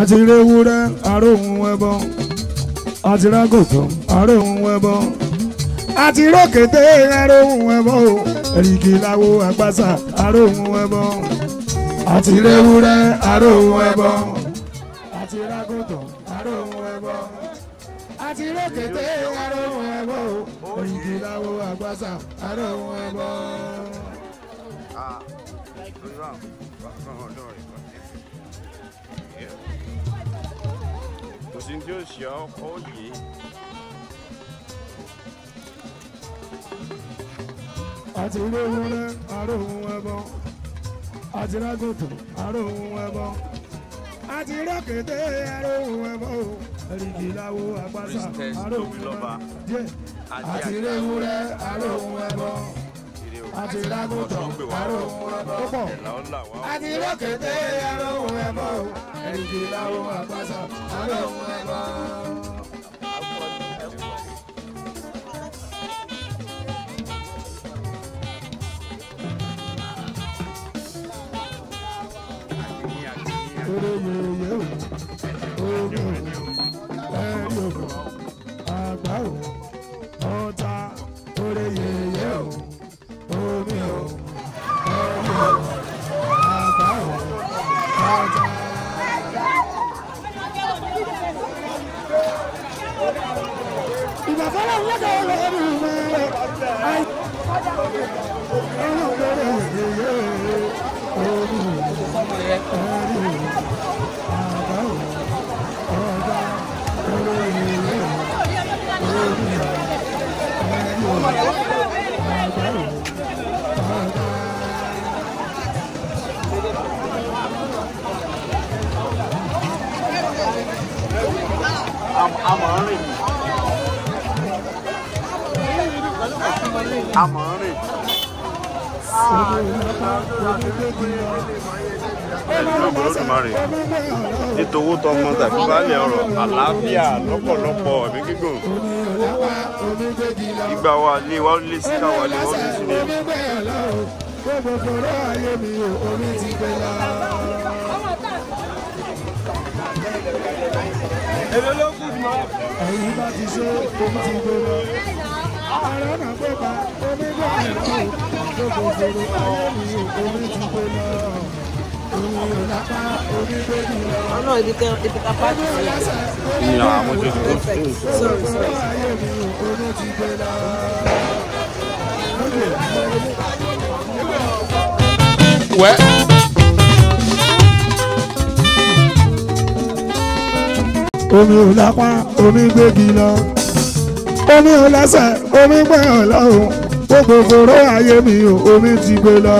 àti rewúrẹ́ aróhun ẹbọ àti rágòtò aróhun ẹbọ àti rókété aróhun ẹbọ èrìgì láwo àgbàsà aróhun ẹbọ àti rewúrẹ́ aróhun ẹbọ àti rágòtò aróhun ẹbọ àti rókété aróhun ẹbọ èrìgì láwo àgbàsà aróhun ẹbọ. Ah, right, right, right, right, 무슨 교시여 고기 àti ilé wúrẹ́ àrò ohun ẹbọ àti rágòtò àrò ohun ẹbọ àti rọ́kèté àrò ohun ẹbọ èrìgì láwo àpáṣà àrò ohun ẹbọ díẹ̀ àti ilé ẹ̀jẹ̀ láwọn àpáṣà àárẹ̀ wọn ẹ̀ bá. Ore yeye o, ogun, ẹ̀rí ogun, àgbà o. I'm on it. olódùmarè nítowó tọmọ tàbí baálé ọrọ̀ àlàáfíà lọ́pọ̀lọpọ̀ ẹ̀mí gígùn ìgbà wa lé wa lé síkà wa lé wa lé sílé. èlò ló kù jù. ẹ̀yin bá ti ṣe omi ti gbé lọ. ààrẹ náà gbọ́dọ̀. Oh no, it became, it became part of I want you to go. Sorry, sorry. Where? Omi ò lápá, omi gbégi lọ. Omi ò lẹ́sẹ̀, omi gbẹ̀ràn lọ́rùn ògògòrò ayé mi o omi ti gbé lọ.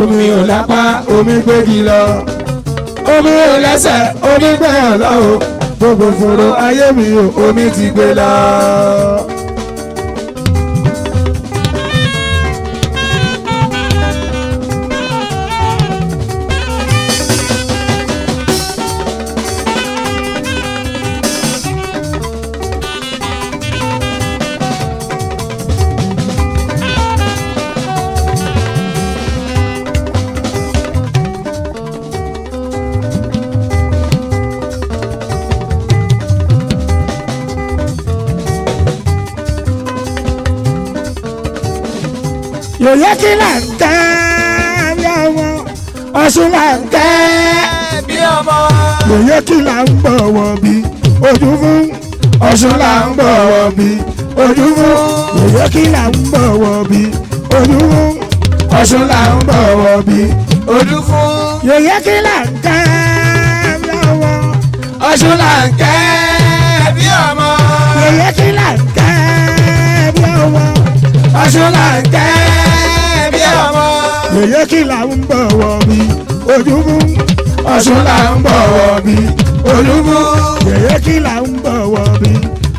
omi ò lápá omi gbégi lọ. omi ò lẹ́sẹ̀ omi gbẹ̀yàn lọ o. ayé mi o omi ti gbé lọ. yòyẹ kí là ń tẹ́ bí ọmọ ọ̀ṣun là ń tẹ́ bí ọmọ yòyẹ kí là ń bọ̀wọ̀ bí ojú fún ọ̀ṣun là ń bọ̀wọ̀ bí ojú fún yòyẹ là ń bọ̀wọ̀ bí ojú fún ọ̀ṣun là ń bọ̀wọ̀ bí ojú fún yòyẹ là ń tẹ́ bí ọmọ ọ̀ṣun là ń tẹ́ bí ọmọ yòyẹ là ń tẹ́ bí ọmọ. Aṣọ là ń kẹ́ èyí kí là ń bọ̀wọ̀ bí ojúmú ọ̀ṣun là ń bọ̀wọ̀ bí ojúmú èyí kí là ń bọ̀wọ̀ bí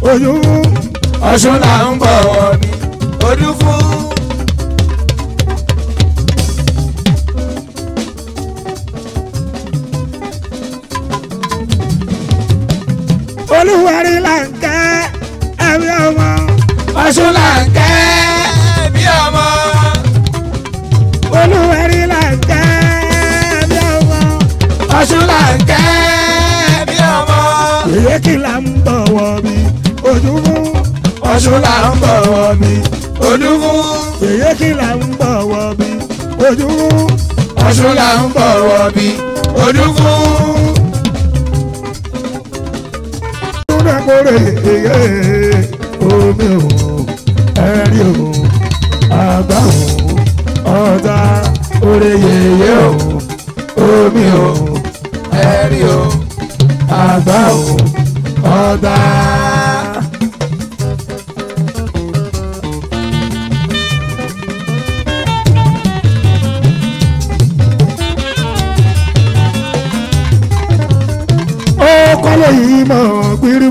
ojúmú ọ̀ṣun là ń bọ̀wọ̀ Ọ̀ṣun là ń kẹ́ bí ọmọ. Ìrèké là ń bọ̀wọ̀ mi Odùfún. Ọ̀ṣun là ń bọ̀wọ̀ mi Odùfún. Ìrèké là ń bọ̀wọ̀ mi Odùfún. Ọ̀ṣun là ń bọ̀wọ̀ mi Odùfún. Túnakore omi ò.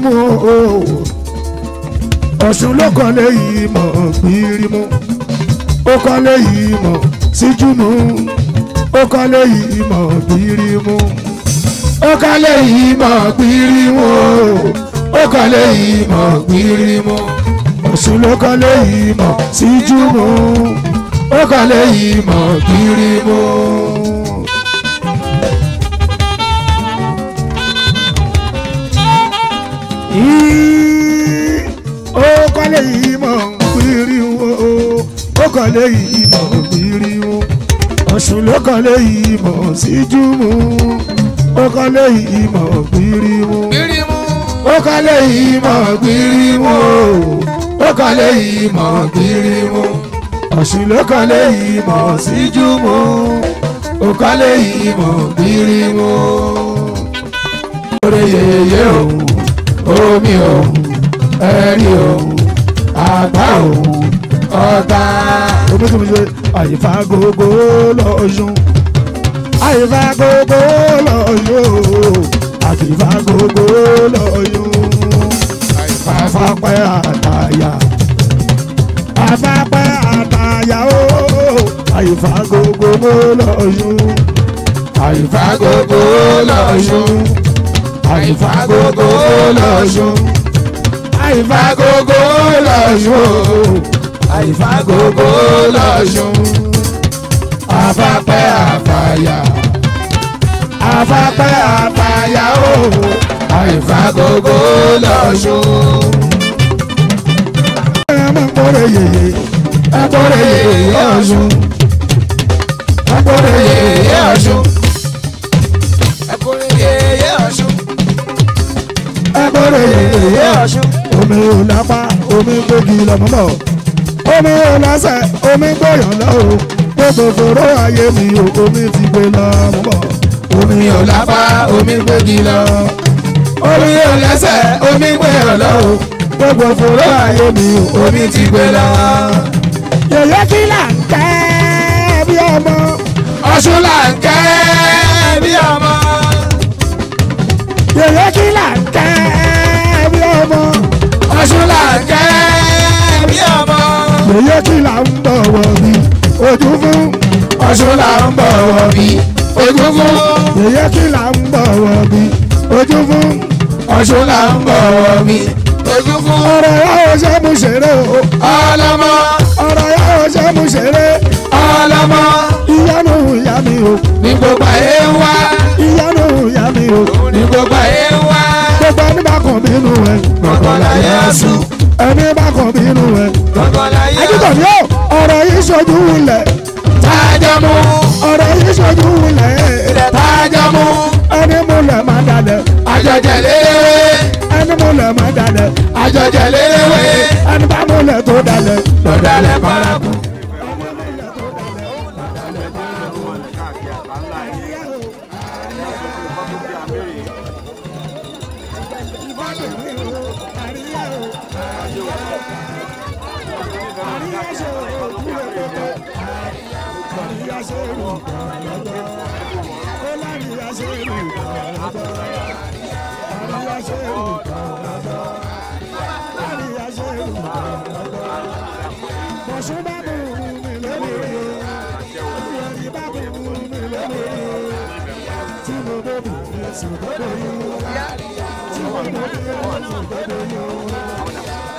gbírímù o Ọ̀ṣun ló kọ́lé yìí mọ̀ gbírímù ó kọ́lé yìí mọ̀ síjúmù ó kọ́lé yìí mọ̀ gbírímù ó kọ́lé yìí mọ̀ gbírímù o ó kọ́lé yìí mọ̀ gbírímù Ọ̀ṣun ló kọ́lé yìí mọ̀ síjúmù ó kọ́lé yìí mọ̀ gbírímù. yìí ó kọ́lé yìí mọ̀ gbìrì wo ó kọ́lé yìí mọ̀ gbìrì wo Ọ̀ṣun ló kọ́lé yìí mọ̀ síjú mu ó kọ́lé yìí mọ̀ gbìrì wo ó kọ́lé yìí mọ̀ gbìrì wo ó kọ́lé yìí mọ̀ gbìrì wo Ọ̀ṣun ló kọ́lé yìí mọ̀ síjú mu ó kọ́lé yìí mọ̀ gbìrì wo. Oreyeye òun omi òun ẹ̀rí òun àgbá òun ọba. Omisunmi ṣe àyífá gbogbo lọ́sùn. Àyífá gbogbo lọ́sùn. Àtìfá gbogbo lọ́sùn. Àyífá fapẹ́ àtàyà. Afapẹ́ àtàyà o. Àyífá gbogbo lọ́sùn. Àyífá gbogbo lọ́sùn àìfàgógó lọ́ṣùn àìfàgógó lọ́ṣùn àìfàgógó lọ́ṣùn afápẹ́ àfàyà afápẹ́ àfàyà o àìfàgógó lọ́ṣùn. ẹ mú kórè yèyé ẹ kórè yèyé lọ́ṣùn. ò lápá omi gbòógì lọ́mọ́lọ́ omi ò lásẹ̀ omi gbòyàn lọ́wọ́ gbogbo fòró ayé mi ò omi ti gbé lọ́mọ́ omi ò lápá omi gbòógì lọ omi ò lẹ́sẹ̀ omi gbòyàn lọ́wọ́ gbogbo fòró ayé mi ò omi ti gbé lọ. yèyé kí là ń kẹ́ bí ọmọ. ọ̀ṣun là ń kẹ́ bí ọmọ. yèyé kí là ń. òye kí là ń bọ̀wọ̀ bí ojú fún. ọ̀ṣun là ń bọ̀wọ̀ bí ojú fún. òye kí là ń bọ̀wọ̀ bí ojú fún. ọ̀ṣun là ń bọ̀wọ̀ bí ojú fún. ọ̀rọ̀ yà ṣe mú ṣeré o. ọlọ́mọ. ọ̀rọ̀ yà ó ṣe mú ṣeré. ọlọ́mọ. ìyanu ìyá mi o. ní gbogbo ayé ń wá. ìyanu ìyá mi o. ní gbogbo ayé ń wá. gbogbo ẹni bá kàn bínú ẹ. kọ̀kọ̀lá yà á sùn. ẹni bá kàn bínú ẹ. kọ̀kọ̀lá ṣojú ilẹ̀. ilẹ̀ tá a jẹ mú. ẹni mú lẹ̀ má dalẹ̀. àjọjẹ lérewé. ẹni mú lẹ̀ má dalẹ̀. àjọjẹ lérewé. ẹni bá mú lẹ̀ tó dalẹ̀. tó dalẹ̀ paraku. Thank you aṣèrù pẹ̀lẹ́pẹ̀ ó lárí aṣèrù pẹ̀lẹ́pẹ̀ lárí aṣèrù pẹ̀lẹ́pẹ̀ lárí aṣèrù pẹ̀lẹ́pẹ̀ bọ̀sùn bá bù mí lónìí ìrọ̀lì bá bù mí lónìí tí mo bó bù mí sùn tó bò mo bó bù mí sùn tó bò yó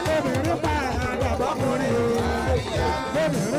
lóbìnrin pa àdàbọ̀kùnrin